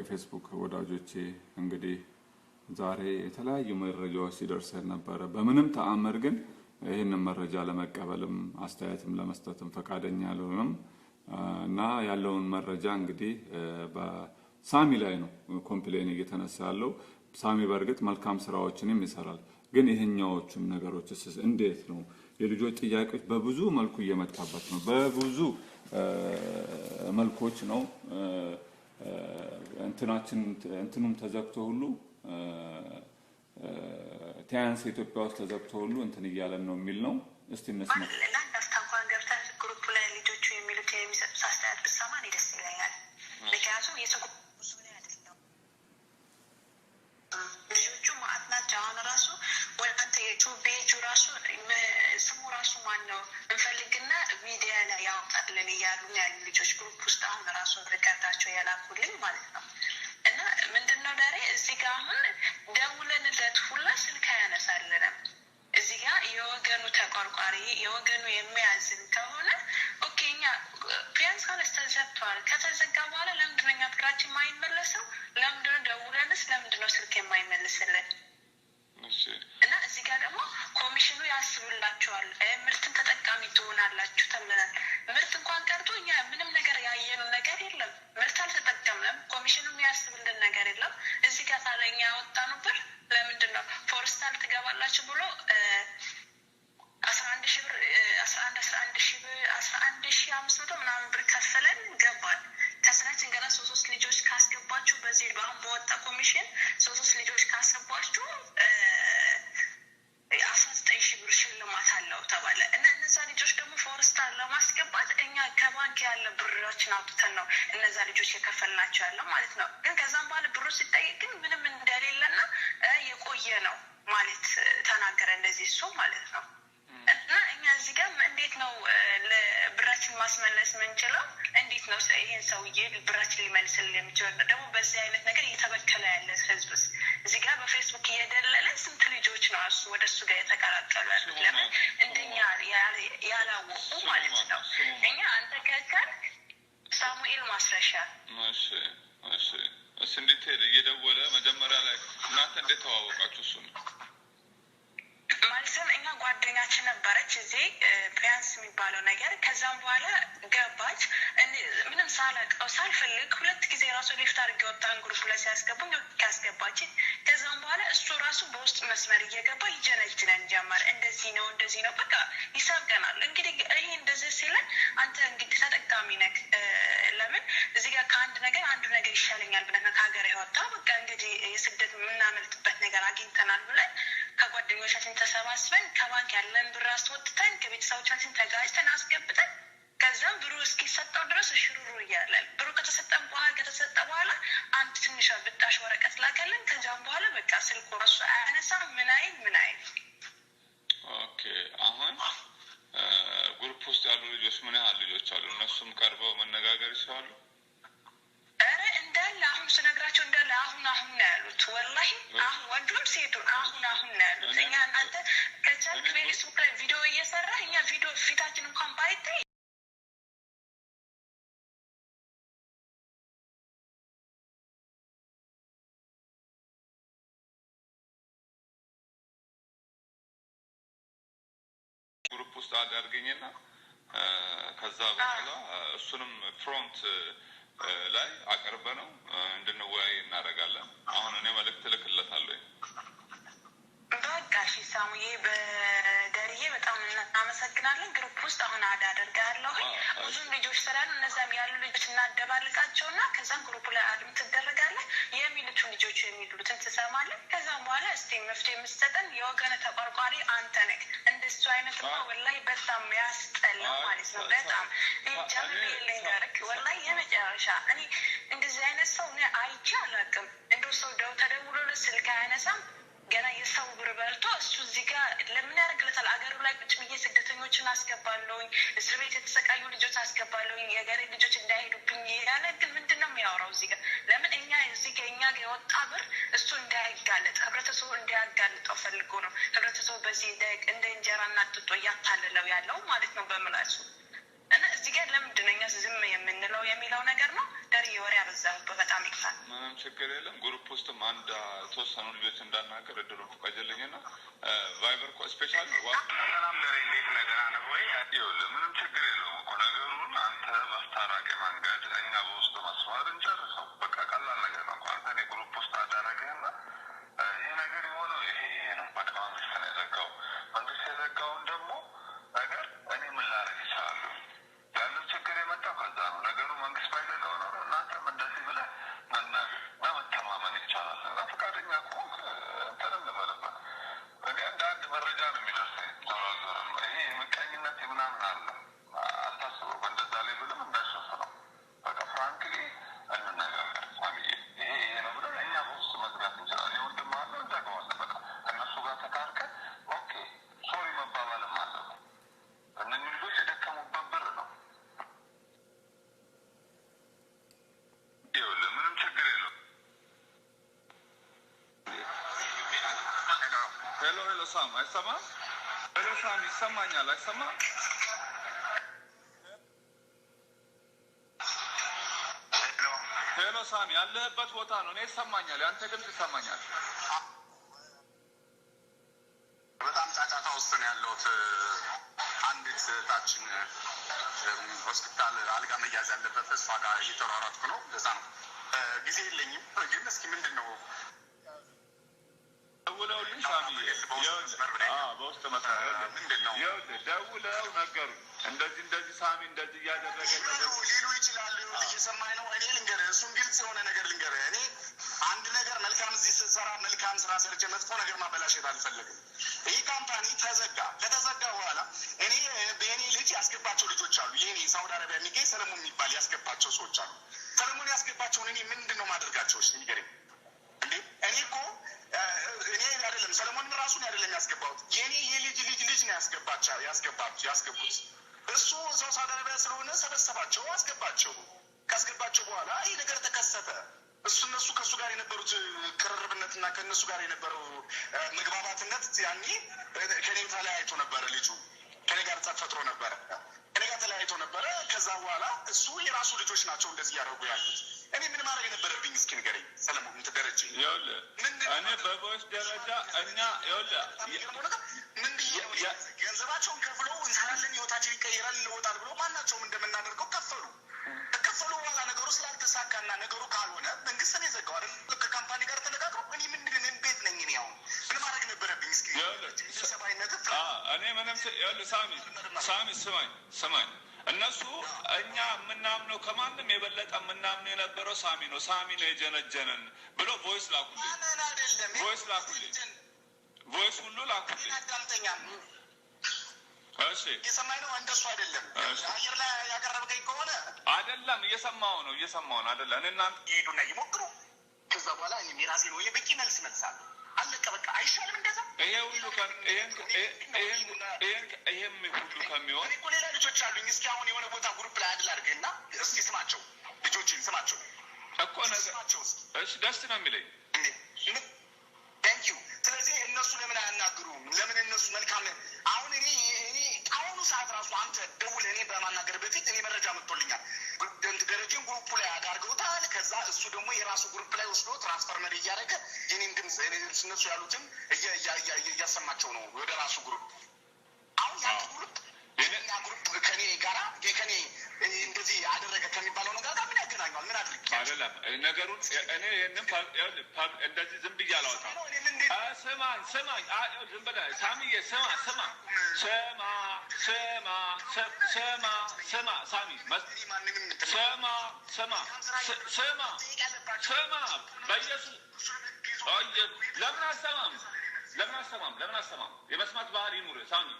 የፌስቡክ ወዳጆቼ እንግዲህ ዛሬ የተለያዩ መረጃዎች ሲደርሰን ነበረ። በምንም ተአምር ግን ይህንን መረጃ ለመቀበልም አስተያየትም ለመስጠትም ፈቃደኛ አልሆንም እና ያለውን መረጃ እንግዲህ በሳሚ ላይ ነው ኮምፕሌን እየተነሳ ያለው። ሳሚ በእርግጥ መልካም ስራዎችንም ይሰራል። ግን ይህኛዎቹን ነገሮች እንዴት ነው? የልጆች ጥያቄዎች በብዙ መልኩ እየመጣበት ነው። በብዙ መልኮች ነው እንትናችን እንትኑም ተዘግቶ ሁሉ ቲያንስ ኢትዮጵያ ውስጥ ተዘግቶ ሁሉ እንትን እያለን ነው የሚል ነው። እስቲ እነሱ ነው እናንተ እንኳን ግሩፕ ላይ ልጆቹ የሚሉት የሚሰጡት አስተያየት ብሰማ ደስ ይለኛል። ምክንያቱም የሱ ጠፋ ለእኛ ነበር። ለምንድን ነው ፎረስታል ትገባላችሁ ብሎ አስራ አንድ ሺህ ብር አስራ አንድ አስራ አንድ ሺህ ብር አስራ አንድ ሺህ አምስት መቶ ምናምን ብር ከፍለን ገባል። ከስራችን ገና ሶስት ሶስት ልጆች ካስገባችሁ በዚህ በአሁን በወጣ ኮሚሽን ሶስት ሶስት ልጆች ካስገባችሁ አስራ ዘጠኝ ሺ ብር ሽልማት አለው ተባለ እና ሬጅስተር ለማስገባት እኛ ከባንክ ያለ ብሮችን አውጥተን ነው እነዛ ልጆች የከፈልናቸው ያለው ማለት ነው። ግን ከዛም በኋላ ብሩ ሲጠይቅ ግን ምንም እንደሌለና የቆየ ነው ማለት ተናገረ። እንደዚህ እሱ ማለት ነው። እና እኛ እዚህ ጋር እንዴት ነው ለብራችን ማስመለስ የምንችለው? እንዴት ነው ይህን ሰውዬ ብራችን ሊመልስል የሚችለው? ደግሞ በዚህ አይነት ነገር እየተበከለ ያለ ህዝብስ እዚህ ጋር በፌስቡክ እየደ ራሱ ወደ እሱ ጋር የተቀላቀሉ ያሉት ለምን እንደኛ ያላወቁ ማለት ነው። እኛ አንተ ከከር ሳሙኤል ማስረሻ እስ እንዴት ሄደ እየደወለ መጀመሪያ ላይ እናንተ እንዴት ተዋወቃችሁ? እሱ ነው ማለትም እኛ ጓደኛችን ነበረች እዚህ ፕያንስ የሚባለው ነገር። ከዛም በኋላ ገባች ምንም ሳላቀው ሳልፈልግ ሁለት ጊዜ ራሱ ሊፍት አድርጌ ወጣን። ግሩፕ ላይ ሲያስገቡኝ ያስገባችን ከዛም በኋላ እሱ ራሱ በውስጥ መስመር እየገባ ይጀነጅነን ጀመር። እንደዚህ ነው እንደዚህ ነው በቃ ይሳቀናል። እንግዲህ ይሄ እንደዚህ ሲለን አንተ እንግዲህ ተጠቃሚ ነክ ለምን እዚህ ጋር ከአንድ ነገር አንዱ ነገር ይሻለኛል ብለን ከሀገር የወጣ በቃ እንግዲህ የስደት የምናመልጥበት ነገር አግኝተናል ብለን ከጓደኞቻችን ተሰባስበን ከባንክ ያለን ብር አስወጥተን ከቤተሰቦቻችን ተጋጭተን አስገብተን ከዛም ብሩ እስኪሰጠው ድረስ ሽሩሩ እያለ ብሩ ከተሰጠን በኋላ ከተሰጠ በኋላ አንድ ትንሽ ብጣሽ ወረቀት ላከልን። ከዛም በኋላ በቃ ስልኩ ረሱ አያነሳ ምን አይል ምን አይል። ኦኬ አሁን ግሩፕ ውስጥ ያሉ ልጆች ምን ያህል ልጆች አሉ? እነሱም ቀርበው መነጋገር ይችላሉ። ኧረ እንዳለ አሁን ስነግራቸው እንዳለ አሁን አሁን ነው ያሉት። ወላሂ አሁን ወንዱም ሴቱ አሁን አሁን ነው ያሉት። እኛ እናንተ ከቻልክ ፌስቡክ ላይ ቪዲዮ እየሰራ እኛ ቪዲዮ ፊታችን እንኳን ባይታይ ውስጥ አዳርገኝና ከዛ በኋላ እሱንም ፍሮንት ላይ አቅርበ ነው እንድንወያይ እናደርጋለን። አሁን እኔ መልእክት እልክለታለሁ። በቃ እሺ ሳሙዬ ስለዚህ በጣም እናመሰግናለን። ግሩፕ ውስጥ አሁን አድ አደርጋለሁ። ብዙም ልጆች ስላሉ እነዛም ያሉ ልጆች እናደባልቃቸው እናደባልቃቸውና ከዛም ግሩፕ ላይ አድም ትደረጋለህ። የሚሉት ልጆች የሚሉትን ትሰማለን። ከዛም በኋላ እስቲ መፍትሄ የምትሰጠን የወገነ ተቆርቋሪ አንተ ነህ። እንደሱ አይነት ነው ወላሂ በጣም ያስጠላ ማለት ነው። በጣም ጀምር ልንገርክ ወላይ የመጨረሻ እኔ እንደዚህ አይነት ሰው እኔ አይቼ አላውቅም። እንደ ሰው ደው ተደውሎ ስልክ አያነሳም ገና የሰው ብር በልቶ እሱ እዚህ ጋር ለምን ያደርግለታል? አገሩ ላይ ቁጭ ብዬ ስደተኞችን አስገባለሁኝ፣ እስር ቤት የተሰቃዩ ልጆች አስገባለሁኝ፣ የገሬ ልጆች እንዳይሄዱብኝ ያለ ግን ምንድን ነው የሚያወራው እዚህ ጋር? ለምን እኛ እዚህ ከእኛ የወጣ ብር እሱ እንዳይጋለጥ ህብረተሰቡ እንዳያጋልጠው ፈልጎ ነው። ህብረተሰቡ በዚህ እንደ እንጀራ እናጥጦ እያታለለው ያለው ማለት ነው በምላሱ እና እዚህ ጋር ለምንድን ነው እኛ ዝም የምንለው የሚለው ነገር ነው። ደርዬ ወሬ አበዛህበት። በጣም ይቅፋል። ምንም ችግር የለም ውስጥም አንድ የተወሰኑ ልጆች እንዳናገር እድሉን ፈቃጀልኝና ቫይበር ስፔሻል ዋ ይሰማኛል አይሰማ ሄሎ ሳሚ ያለህበት ቦታ ነው እኔ ይሰማኛል የአንተ ድምፅ ይሰማኛል በጣም ጫጫታ ውስጥ ነው ያለሁት አንዲት እህታችን ሆስፒታል አልጋ መያዝ ያለበት እሷ ጋር እየተሯሯጥኩ ነው እዛ ነው ጊዜ የለኝም ግን እስኪ ምንድን ነው ደውለው ነገሩ እንደዚህ እንደዚህ ሳሚ እንደዚህ እያደረገ ሌሉ ይችላሉ። እየሰማኝ ነው። እኔ ልንገርህ፣ እሱም ግልጽ የሆነ ነገር ልንገርህ። እኔ አንድ ነገር መልካም እዚህ ስሰራ መልካም ስራ ሰርቼ መጥፎ ነገር ማበላሸት አልፈለግም። ይህ ካምፓኒ ተዘጋ። ከተዘጋ በኋላ እኔ በእኔ ልጅ ያስገባቸው ልጆች አሉ። የኔ ሳውዲ አረቢያ የሚገኝ ሰለሞን የሚባል ያስገባቸው ሰዎች አሉ። ሰለሞን ያስገባቸውን እኔ ምንድን ነው ማድረጋቸው? ንገረኝ እንዴ እኔ እኮ አይደለም። ሰለሞንን ራሱን አይደለም ያስገባሁት የኔ የልጅ ልጅ ልጅ ነው ያስገባቸው ያስገባቸው ያስገቡት እሱ ሰው ሳውዲ ስለሆነ ሰበሰባቸው፣ አስገባቸው። ካስገባቸው በኋላ ይህ ነገር ተከሰተ። እሱ እነሱ ከእሱ ጋር የነበሩት እና ከእነሱ ጋር የነበረው መግባባትነት ያኔ ከኔ ተለያይቶ ነበረ። ልጁ ከኔ ጋር ተፈጥሮ ነበረ፣ ከኔ ጋር ተለያይቶ ነበረ። ከዛ በኋላ እሱ የራሱ ልጆች ናቸው እንደዚህ እያደረጉ ያሉት እኔ ምን ማድረግ ነበረብኝ? እስኪ ንገረኝ ሰለሞን። ምትደረጅ እኔ በጎች ደረጃ እኛ ገንዘባቸውን ከፍሎ እንሰራለን፣ ህይወታችን ይቀየራል፣ ይለወጣል ብሎ ማናቸውም እንደምናደርገው ከፈሉ። ከከፈሉ በኋላ ነገሩ ስላልተሳካና ነገሩ ካልሆነ መንግስት ነው የዘጋው አይደል? ከካምፓኒ ጋር ተነጋግሮ እኔ ምንድን ቤት ነኝ እኔ አሁን ምን ማድረግ ነበረብኝ? እስኪ ሰብአዊነት እኔ ምንም ሳሚ ሳሚ ስማኝ ስማኝ እነሱ እኛ የምናምነው ከማንም የበለጠ የምናምነው የነበረው ሳሚ ነው፣ ሳሚ ነው የጀነጀነን ብሎ ቮይስ ላኩልኝ፣ ቮይስ ላኩልኝ፣ ቮይስ ሁሉ ላኩልኝ። እሺ እየሰማኝ ነው። እንደሱ አይደለም አየር ላይ ያቀረብከኝ ከሆነ አይደለም እየሰማሁ ነው፣ እየሰማሁ ነው። አይደለም እናንተ ይሄዱና ይሞክሩ። ከዛ በኋላ እኔ የራሴን ወይ በቂ መልስ መልሳለሁ አለቀ በቃ አይሻልም? እንደዛ ይሄ ሁሉ ይሄም ሁሉ ከሚሆን እኮ ሌላ ልጆች አሉኝ። እስኪ አሁን የሆነ ቦታ ግሩፕ ላይ አድል አድርገህ እና እስኪ ስማቸው፣ ልጆችን ስማቸው እኮ ስማቸው። እሺ ደስ ነው የሚለኝ ስለዚህ እነሱ ለምን አያናግሩም? ለምን እነሱ መልካም አሁን እኔ ደውል ለእኔ በማናገር በፊት እኔ መረጃ መጥቶልኛል። ደረጀን ግሩፕ ላይ አዳርገውታል። ከዛ እሱ ደግሞ የራሱ ግሩፕ ላይ ወስዶ ትራንስፈርመር እያደረገ የኔም ድምፅ እነሱ ያሉትን እያሰማቸው ነው ወደ ራሱ ግሩፕ። አሁን ያ ግሩፕ የኛ ግሩፕ ከኔ ጋራ ከኔ እንደዚህ አደረገ ከሚባለው ነገር ጋር ምን ያገናኘዋል? ምን አድርግ አይደለም ነገሩን እኔ ይህንም እንደዚህ ዝም ብዬ አላወጣም። ስማኝ የመስማት ባህል ይኑር። ሳሚ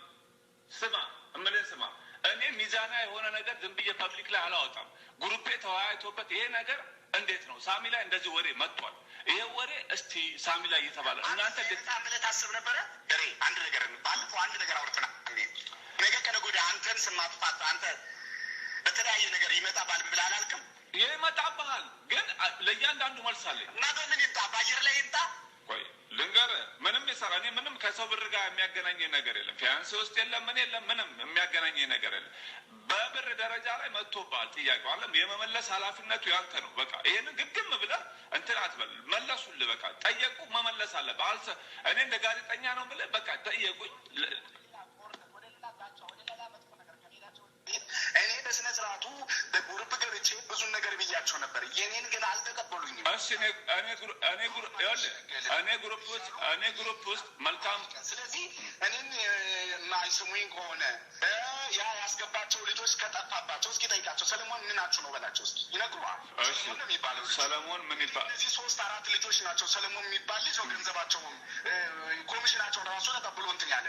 ስማ እምልህን ስማ። እኔ ሚዛና የሆነ ነገር ዝም ብዬ ፐብሊክ ላይ አላወጣም። ጉሩፔ ተወያይቶበት ይሄ ነገር እንዴት ነው ሳሚ ላይ እንደዚህ ወሬ መጥቷል? ይሄ ወሬ እስቲ ሳሚ ላይ እየተባለ እናንተ ብለህ ታስብ ነበረ። ደሬ አንድ ነገር ባለፈው አንድ ነገር አውርተናል። ነገ ከነገ ወዲያ አንተን ስማጥፋት አንተ በተለያየ ነገር ይመጣባል ብለህ አላልክም? ይህ ይመጣብሃል፣ ግን ለእያንዳንዱ መልስ አለኝ እና በምን ይምጣ? በአየር ላይ ይምጣ? ቆይ ልንገር ምንም ይሰራ እኔ ምንም ከሰው ብር ጋር የሚያገናኝ ነገር የለም። ፊያንሴ ውስጥ የለም፣ ምን የለም፣ ምንም የሚያገናኝ ነገር የለም። በብር ደረጃ ላይ መጥቶባል ጥያቄው አለም የመመለስ ኃላፊነቱ ያንተ ነው። በቃ ይህን ግግም ብለ እንትን አትበል። መለሱል። በቃ ጠየቁ፣ መመለስ አለ በአልሰ እኔ እንደ ጋዜጠኛ ነው ብለ በቃ ጠየቁኝ። እኔ በስነ ስርዓቱ በጉርብ ገብቼ ብዙ ሰጥቻቸው ነበር። የኔን ግን አልተቀበሉኝም። እኔ ግሩፕ ውስጥ እኔ ግሩፕ ውስጥ መልካም። ስለዚህ እኔን የማይስሙኝ ከሆነ ያ ያስገባቸው ልጆች ከጠፋባቸው እስኪ ጠይቃቸው። ሰለሞን ምን ምናችሁ ነው በላቸው እስኪ ይነግሩሃል። ሰለሞን የሚባለው ሰለሞን ምን ይባል እነዚህ ሶስት አራት ልጆች ናቸው። ሰለሞን የሚባል ልጅ ነው ገንዘባቸውም ኮሚሽናቸውን ራሱ ተቀብሎ እንትን ያለ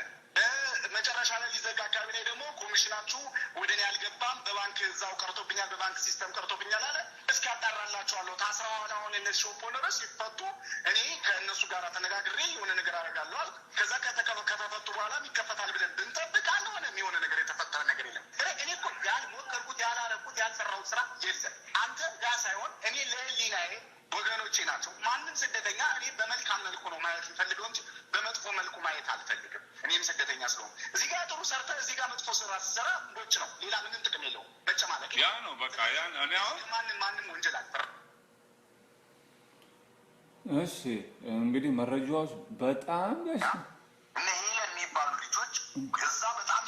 መጨረሻ ላይ ሊዘጋ አካባቢ ላይ ደግሞ ኮሚሽናችሁ ወደ እኔ አልገባም፣ በባንክ እዛው ቀርቶብኛል፣ በባንክ ሲስተም ቀርቶብኛል አለ። እስኪ ያጣራላችኋለሁ። ታስረዋል። አሁን እነዚህ ሾፕ ኦነሮች ሲፈቱ እኔ ከእነሱ ጋር ተነጋግሬ የሆነ ነገር አደርጋለሁ አለ። ከዛ ከተፈቱ በኋላ ይከፈታል ብለን ብንጠብቅ አልሆነም። የሆነ ነገር የተፈጠረ ነገር የለም። እኔ እኮ ያልሞከርኩት ያላረኩት ያልሰራሁት ስራ የለም። አንተ ጋር ሳይሆን እኔ ለህሊናዬ ስደተኞቼ ናቸው። ማንም ስደተኛ እኔ በመልካም መልኩ ነው ማየት የምፈልገው እንጂ በመጥፎ መልኩ ማየት አልፈልግም። እኔም ስደተኛ ስለሆነ እዚህ ጋር ጥሩ ሰርተ እዚህ ጋር መጥፎ ስራ ስሰራ እንዶች ነው። ሌላ ምንም ጥቅም በጭ ማለት ያ ነው በቃ። ያ ማንም ማንም ወንጀል አልፈር እሺ እንግዲህ መረጃዎች በጣም እነ የሚባሉ ልጆች እዛ በጣም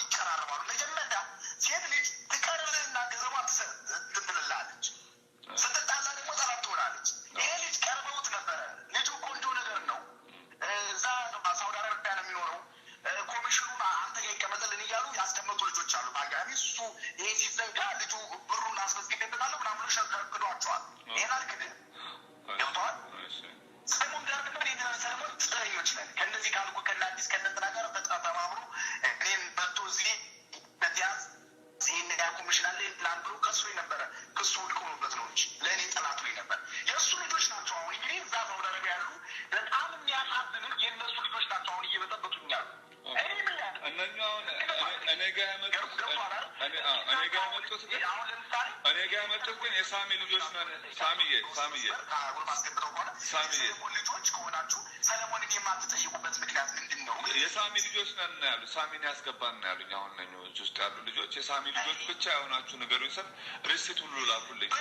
ልጆች ከሆናችሁ ሰለሞንን የማትጠይቁበት ምክንያት ምንድን ነው? የሳሚ ልጆች ነን ነው ያሉ። ሳሚን ያስገባን ነው ያሉኝ። አሁን ነኞች ውስጥ ያሉ ልጆች የሳሚ ልጆች ብቻ የሆናችሁ ነገሩ ሰብ ርስት ሁሉ ላኩልኝ፣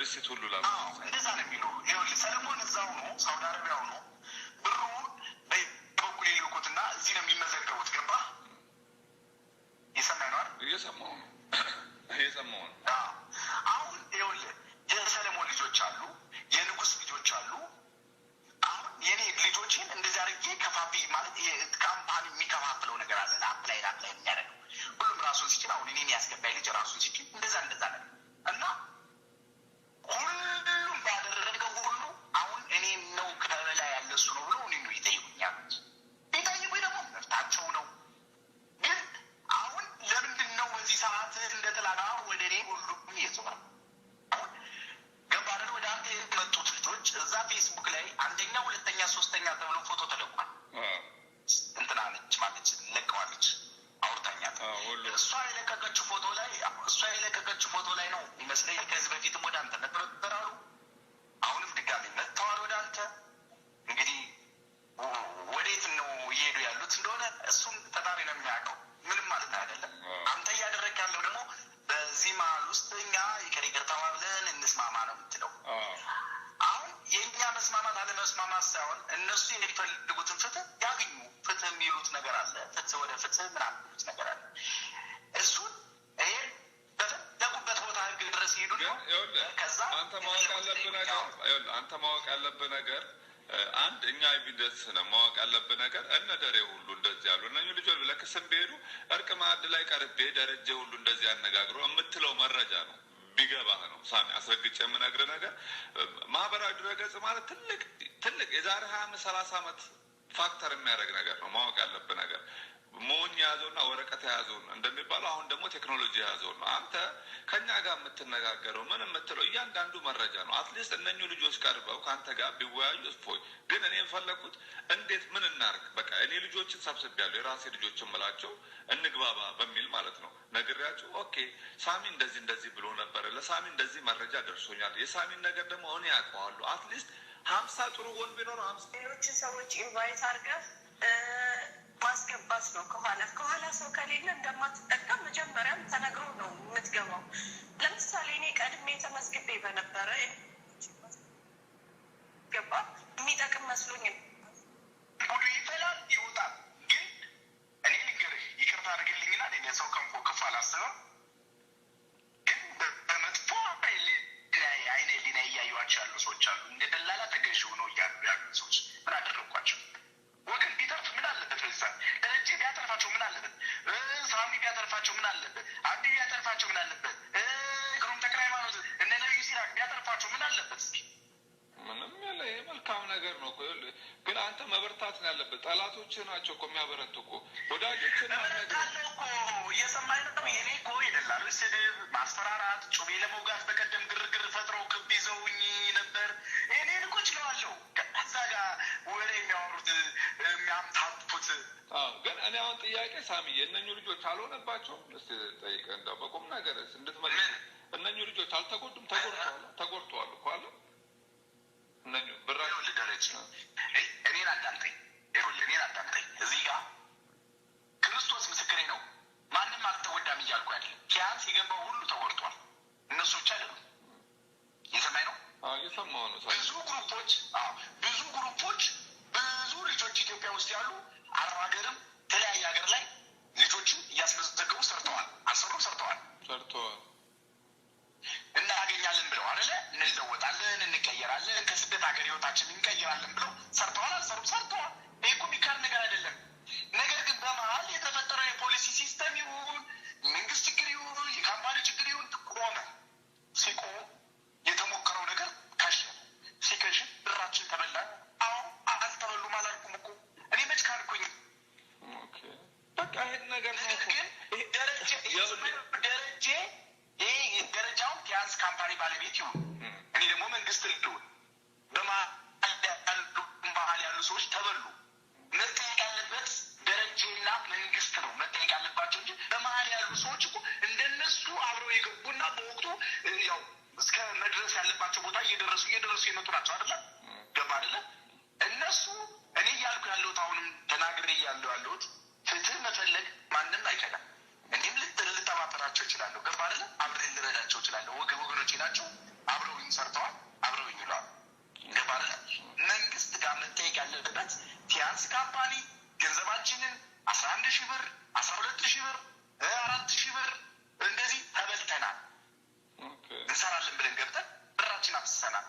ርስት ሁሉ ላኩ። እንደዛ ነው የሚለው ሰለሞን እዛው ነው እሷ የለቀቀችው ፎቶ ላይ እሷ የለቀቀችው ፎቶ ላይ ነው ይመስለኝ ከዚህ በፊትም ወደ አንተ ነበረ ነበር እንደዚህ አነጋግሮ የምትለው መረጃ ነው ቢገባህ ነው ሳሚ፣ አስረግጬ የምነግርህ ነገር ማህበራዊ ድረገጽ ማለት ትልቅ ትልቅ የዛሬ ሀያ አምስት ሰላሳ አመት ፋክተር የሚያደርግ ነገር ነው። ማወቅ ያለብህ ነገር ሞኝ የያዘውና ወረቀት የያዘው እንደሚባለው አሁን ደግሞ ቴክኖሎጂ የያዘው ነው። አንተ ከኛ ጋር የምትነጋገረው ምን የምትለው እያንዳንዱ መረጃ ነው። አትሊስት እነኙ ልጆች ቀርበው ከአንተ ጋር ቢወያዩ እፎይ። ግን እኔ የፈለግኩት እንዴት ምን እናርግ፣ በቃ እኔ ልጆችን ሰብስቤያለሁ፣ የራሴ ልጆች ምላቸው እንግባባ በሚል ማለት ነው። ነግሬያቸው ኦኬ፣ ሳሚ እንደዚህ እንደዚህ ብሎ ነበረ፣ ለሳሚ እንደዚህ መረጃ ደርሶኛል፣ የሳሚን ነገር ደግሞ እኔ ያውቀዋለሁ። አትሊስት ሀምሳ ጥሩ ጎን ቢኖር ሌሎችን ሰዎች ኢንቫይት አድርገህ ማስገባት ነው። ከኋላ ከኋላ ሰው ከሌለ እንደማትጠቀም መጀመሪያም ተነግሮ ነው የምትገባው። ለምሳሌ እኔ ቀድሜ ተመዝግቤ በነበረ ገባ የሚጠቅም መስሎኝ ሳሚ የእነኙ ልጆች አልሆነባቸውም? እስኪ ጠይቀህ እንደው በቁም ነገር እንድትመልስ እነኙ ልጆች አልተጎዱም? ተጎድተዋል ተጎድተዋል እኮ አለ Belum, Sartola, Sarum እያሉ ያሉት ፍትህ መፈለግ ማንም አይከዳም። እኔም ልተባበራቸው ይችላሉ። ገባ አደለ? አብሬ ልረዳቸው ወገ ወገኖቼ ናቸው። አብረውኝ ሰርተዋል፣ አብረውኝ ይውለዋል። ገባ አደለ? መንግስት ጋር መጠየቅ ያለበት ቲያንስ ካምፓኒ ገንዘባችንን አስራ አንድ ሺህ ብር አስራ ሁለት ሺህ ብር አራት ሺህ ብር እንደዚህ ተበልተናል፣ እንሰራለን ብለን ገብተን ብራችን አፍስሰናል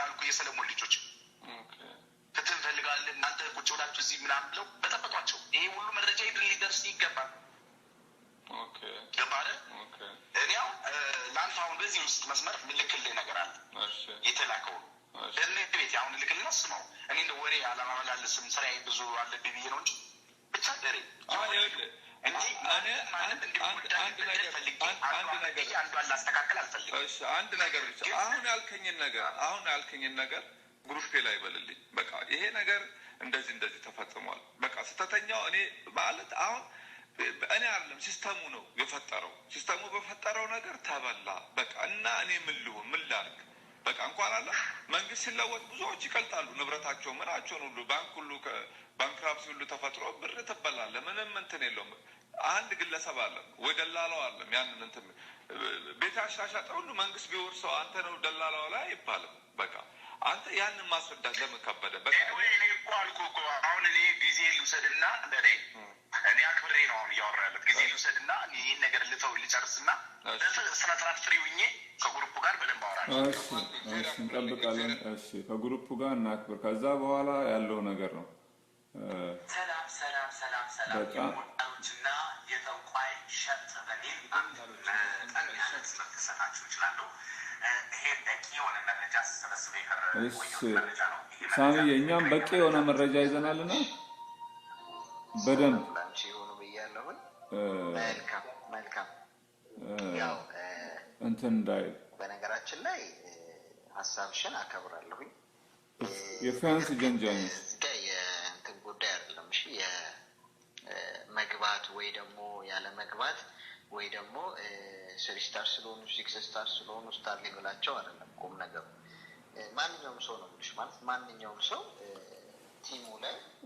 ያልኩ የሰለሞን ልጆች ፍትህ እንፈልጋለን እናንተ ቁጭ ብላችሁ እዚህ ምናምን ብለው በጠበቋቸው። ይሄ ሁሉ መረጃ ሄድን ሊደርስ ይገባል። ገባለ እኒያው ለአንተ አሁን በዚህ ውስጥ መስመር ምልክልህ ነገር አለ የተላከው ለእነ ቤት አሁን ልክል ነስ ነው። እኔ እንደ ወሬ አለማመላለስም ስራዬ ብዙ አለብኝ ብዬ ነው እንጂ ብቻ ደሬ አንድ ነገር ብቻ አሁን ያልከኝን ነገር አሁን ያልከኝን ነገር ግሩፔ ላይ በልልኝ። በቃ ይሄ ነገር እንደዚህ እንደዚህ ተፈጽሟል። በቃ ስተተኛው እኔ ማለት አሁን እኔ አይደለም ሲስተሙ ነው የፈጠረው። ሲስተሙ በፈጠረው ነገር ተበላ። በቃ እና እኔ ምን ልሁን ምን ላድርግ? በቃ እንኳን አለ መንግስት ሲለወጥ ብዙዎች ይቀልጣሉ። ንብረታቸው ምናቸውን ሁሉ ባንክ ሁሉ ባንክራፕሲ ሁሉ ተፈጥሮ ብር ትበላለ። ምንም እንትን የለውም። አንድ ግለሰብ አለም ወይ ደላላው አለም ያንን እንትን ቤት ያሻሻጠ ሁሉ መንግስት ቢወርሰው አንተ ነው ደላላው ላይ አይባልም። በቃ አንተ ያንን ማስረዳት ለምን ከበደ? በቃ እኔ እኮ አልኩ እኮ አሁን እኔ ጊዜ ልውሰድና በላይ እኔ አክብሬ ነው አሁን እያወራ ያለት ጊዜ ልውሰድና ይህን ነገር ልተው ልጨርስና ስነስርዓት ፍሪ ውኜ ከጉሩፑ ጋር በደንብ አወራለሁ። እንጠብቃለን። እሺ፣ ጋር እናክብር። ከዛ በኋላ ያለው ነገር ነው። ሰላም ሰላም ሰላም ሰላም የጠንቋይ ሸጥ በሚል በቂ የሆነ መረጃ ነው። ሳሚ የእኛም በቂ የሆነ መረጃ ይዘናልና በደንብ መልካም ያው እንትን እንዳይል በነገራችን ላይ ሀሳብሽን አከብራለሁኝ። የፋንስ ጀንጃኝ የእንትን ጉዳይ አይደለም። እሺ የመግባት ወይ ደግሞ ያለ መግባት ወይ ደግሞ ስሪ ስታር ስለሆኑ ሲክስ ስታር ስለሆኑ ስታር ሌብላቸው አይደለም ቁም ነገሩ። ማንኛውም ሰው ነው የምልሽ ማለት ማንኛውም ሰው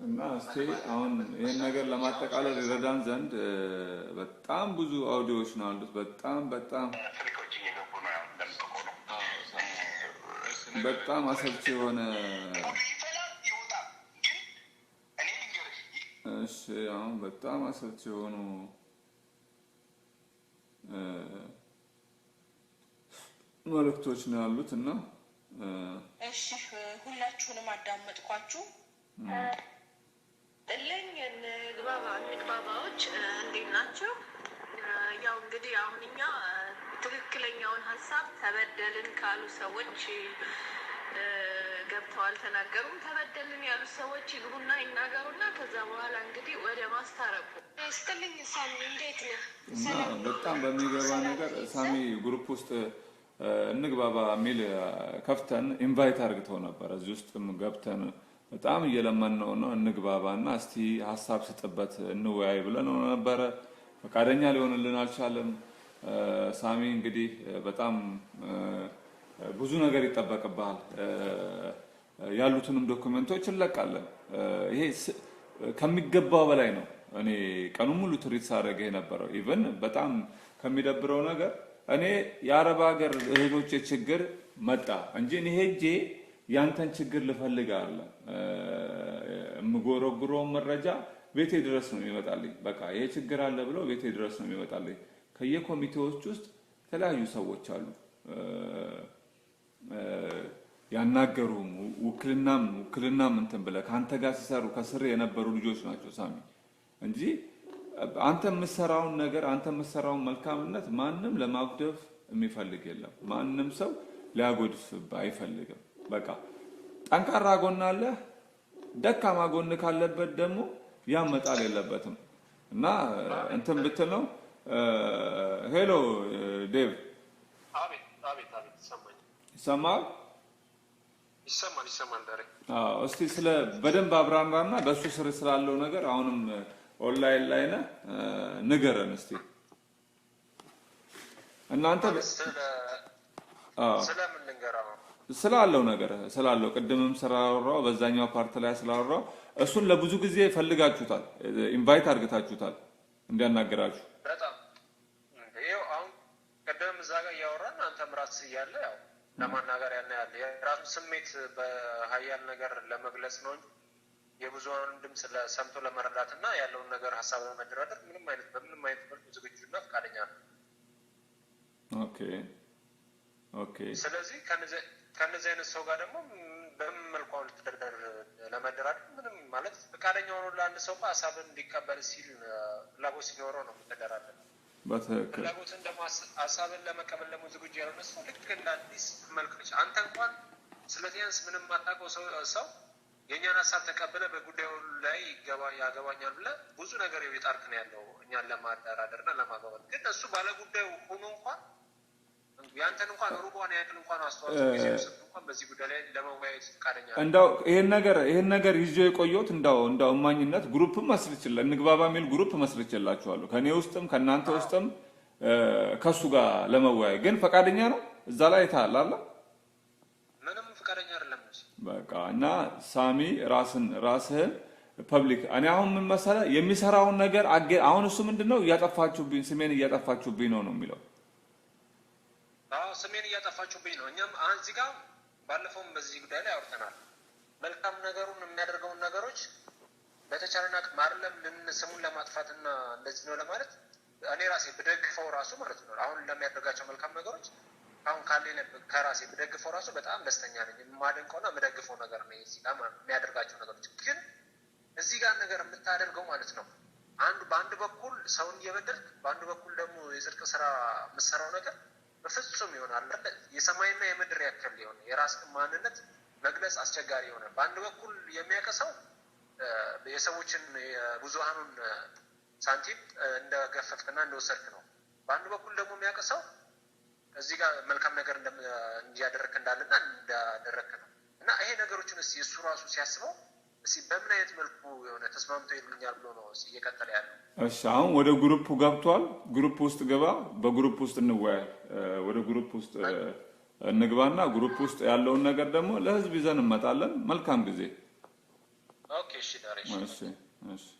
እና እስቲ አሁን ይህን ነገር ለማጠቃለል ይረዳን ዘንድ በጣም ብዙ አውዲዎች ነው አሉት። በጣም በጣም በጣም አሰልቺ የሆነ እሺ፣ አሁን በጣም አሰልቺ የሆኑ መልእክቶች ነው ያሉት እና እሺ፣ ሁላችሁንም አዳመጥኳችሁ። ለኝ ንግባባ ንግባባዎች እንዴት ናቸው? ያው እንግዲህ አሁን እኛ ትክክለኛውን ሀሳብ ተበደልን ካሉ ሰዎች ገብተው አልተናገሩም። ተበደልን ያሉ ሰዎች ይግቡና ይናገሩና ከዛ በኋላ እንግዲህ ወደ ማስታረቁ ስትልኝ። ሳሚ እንዴት ነህ? በጣም በሚገባ ነገር ሳሚ ግሩፕ ውስጥ እንግባባ የሚል ከፍተን ኢንቫይት አርግተው ነበረ እዚህ ውስጥም ገብተን በጣም እየለመን ነው ነው እና እስቲ ሀሳብ ስጥበት እንወያይ ብለን ነው ነበረ። ፈቃደኛ ሊሆንልን አልቻለም። ሳሚ እንግዲህ በጣም ብዙ ነገር ይጠበቅብሃል። ያሉትንም ዶክመንቶች እንለቃለን። ይሄ ከሚገባው በላይ ነው። እኔ ቀኑ ሙሉ ትሪት ሳደረገ ነበረው። ኢቨን በጣም ከሚደብረው ነገር እኔ የአረብ ሀገር እህቶቼ ችግር መጣ እንጂ እኔ ሄጄ ያንተን ችግር ልፈልግ አለ የምጎረጉረውን መረጃ ቤቴ ድረስ ነው የሚመጣልኝ። በቃ ይሄ ችግር አለ ብለው ቤቴ ድረስ ነው የሚመጣልኝ። ከየኮሚቴዎች ውስጥ የተለያዩ ሰዎች አሉ ያናገሩም ውክልናም ውክልናም እንትን ብለህ ከአንተ ጋር ሲሰሩ ከስር የነበሩ ልጆች ናቸው ሳሚ እንጂ አንተ የምሰራውን ነገር አንተ የምሰራውን መልካምነት ማንም ለማጉደፍ የሚፈልግ የለም። ማንም ሰው ሊያጎድፍብህ አይፈልግም። በቃ ጠንካራ ጎን አለ። ደካማ ጎን ካለበት ደግሞ ያን መጣል የለበትም እና እንትን ነው። ሄሎ ዴቭ ይሰማል ይሰማል ይሰማል። እስቲ ስለ በደንብ አብራራ እና በእሱ ስር ስላለው ነገር አሁንም ኦንላይን ላይ ነህ ንገረን እስቲ። እናንተ ስለምን ልንገራ ነው ስላለው ነገር ስላለው ቅድምም ስላወራው በዛኛው ፓርት ላይ ስላወራው እሱን ለብዙ ጊዜ ፈልጋችሁታል፣ ኢንቫይት አድርገታችሁታል እንዲያናገራችሁ። በጣም ይኸው አሁን ቅድም እዛ ጋር እያወራን እያለ ያው ለማናገር ያን ያለ የራሱ ስሜት በሀያል ነገር ለመግለጽ ነው እንጂ ድምፅ ሰምቶ ለመረዳት እና ያለውን ነገር ሀሳብ ለመደራደር ምንም አይነት በምንም አይነት መልኩ ዝግጁና ፈቃደኛ ነው። ኦኬ ኦኬ። ስለዚህ ከእነዚህ አይነት ሰው ጋር ደግሞ በምን መልኩ አሁን ልትደርደር ለመደራደር ምንም ማለት ፈቃደኛ ሆኖ ለአንድ ሰው ሀሳብን እንዲቀበል ሲል ፍላጎት ሲኖረው ነው የምትደራደር። ፍላጎትን ደግሞ ሀሳብን ለመቀበል ደግሞ ዝግጁ ያልሆነ ሰው ልክ እንደ አዲስ መልክች አንተ እንኳን ስለ ቢያንስ ምንም የማታውቀው ሰው የእኛን ሀሳብ ተቀብለ በጉዳዩ ላይ ያገባኛል ብለ ብዙ ነገር የቤት አርክ ነው ያለው እኛን ለማደራደር እና ለማግባባት ግን እሱ ባለጉዳዩ ሆኖ እንኳን ያንተን እንኳን ሩቧን ያክል እንኳን አስተዋጽኦ ጊዜ እንኳን በዚህ ጉዳይ ላይ ለመወያየት ይሄን ነገር ይሄን ነገር ይዞ የቆየሁት እንዳው እንዳው እማኝነት ግሩፕ መስርችላ እንግባባ የሚል ግሩፕ መስርችላችኋለሁ ከእኔ ውስጥም ከእናንተ ውስጥም ከእሱ ጋር ለመወያየት ግን ፈቃደኛ ነው። እዛ ላይ ታል ምንም ፈቃደኛ አይደለም። በቃ እና ሳሚ ራስን ራስህን ፐብሊክ እኔ አሁን ምን መሰለህ የሚሰራውን ነገር አሁን እሱ ምንድን ነው እያጠፋችሁብኝ ስሜን እያጠፋችሁብኝ ነው ነው የሚለው ስሜን እያጠፋችሁብኝ ነው። እኛም እዚህ ጋር ባለፈውም በዚህ ጉዳይ ላይ አውርተናል። መልካም ነገሩን የሚያደርገውን ነገሮች በተቻለን አቅም አይደለም ስሙን ለማጥፋት ለማጥፋትና እንደዚህ ነው ለማለት እኔ ራሴ ብደግፈው ራሱ ማለት ነው አሁን ለሚያደርጋቸው መልካም ነገሮች አሁን ካለ ከራሴ ብደግፈው ራሱ በጣም ደስተኛ ነኝ። የማደንቀውና የምደግፈው ነገር ነው እዚህ ጋር የሚያደርጋቸው ነገሮች ግን እዚህ ጋር ነገር የምታደርገው ማለት ነው አንዱ በአንድ በኩል ሰውን እየበደልክ በአንድ በኩል ደግሞ የጽድቅ ስራ የምሰራው ነገር በፍጹም ይሆናል የሰማይና የምድር ያክል የሆነ የራስ ማንነት መግለጽ አስቸጋሪ የሆነ በአንድ በኩል የሚያቀሰው የሰዎችን የብዙሃኑን ሳንቲም እንደገፈፍክና እንደወሰድክ ነው። በአንድ በኩል ደግሞ የሚያቀሰው እዚህ ጋር መልካም ነገር እንዲያደረክ እንዳለና እንዳደረክ ነው እና ይሄ ነገሮችን እሱ ራሱ ሲያስበው በምን አይነት መልኩ የሆነ ተስማምቶ ይሉኛል ብሎ ነው እየቀጠለ ያለው። እሺ አሁን ወደ ግሩፕ ገብቷል። ግሩፕ ውስጥ ግባ፣ በግሩፕ ውስጥ እንወያይ። ወደ ግሩፕ ውስጥ እንግባና ግሩፕ ውስጥ ያለውን ነገር ደግሞ ለህዝብ ይዘን እንመጣለን። መልካም ጊዜ። ኦኬ እሺ።